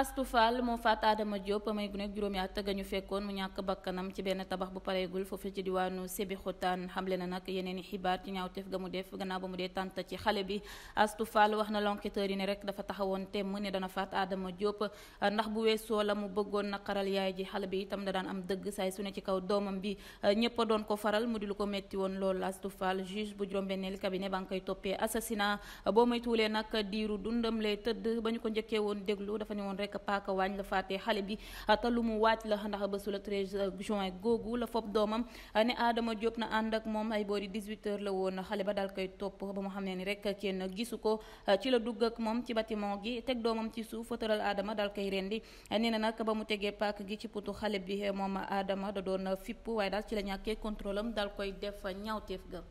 Astou Fall moo faat Adama Diop may gune juróomi at ga ñu fekkoon mu ñàkk bakkanam ci benn tabax bu pareegul foofu ci diwaanu Sébikotane xamle na nag yeneen i xibaar ci ñaawteef ga mu def gannaaw ba mu dee tànt ci xale bi Astou wax na l'enquêteur yi ne rek dafa taxawoon temm ne dana faat Adama Diop ndax bu weesoo la mu bëggoon naqaral yaay ji xale bi itam da daan am dëgg saay su ci kaw doomam bi ñëpp doon ko faral mu di lu ko metti woon loolu rek paaka waañ la faatee xale bi te lu mu waaj la ndax bésu le 13 juin googu la fopp doomam ne aadama Diop na ànd ak moom ay boori 18h la woon xale ba daal koy topp ba mu xam ne ni rek kenn gisu ko ci la dugg ak moom ci bâtiment gi teg doomam ci suuf fëtëral Adama daal koy rendi nee na nag ba mu tegee paak gi ci putu xale bi moom a aadama da doon fipp waaye daal ci la ñàkkee contrôle am daal koy def ñaawteef ga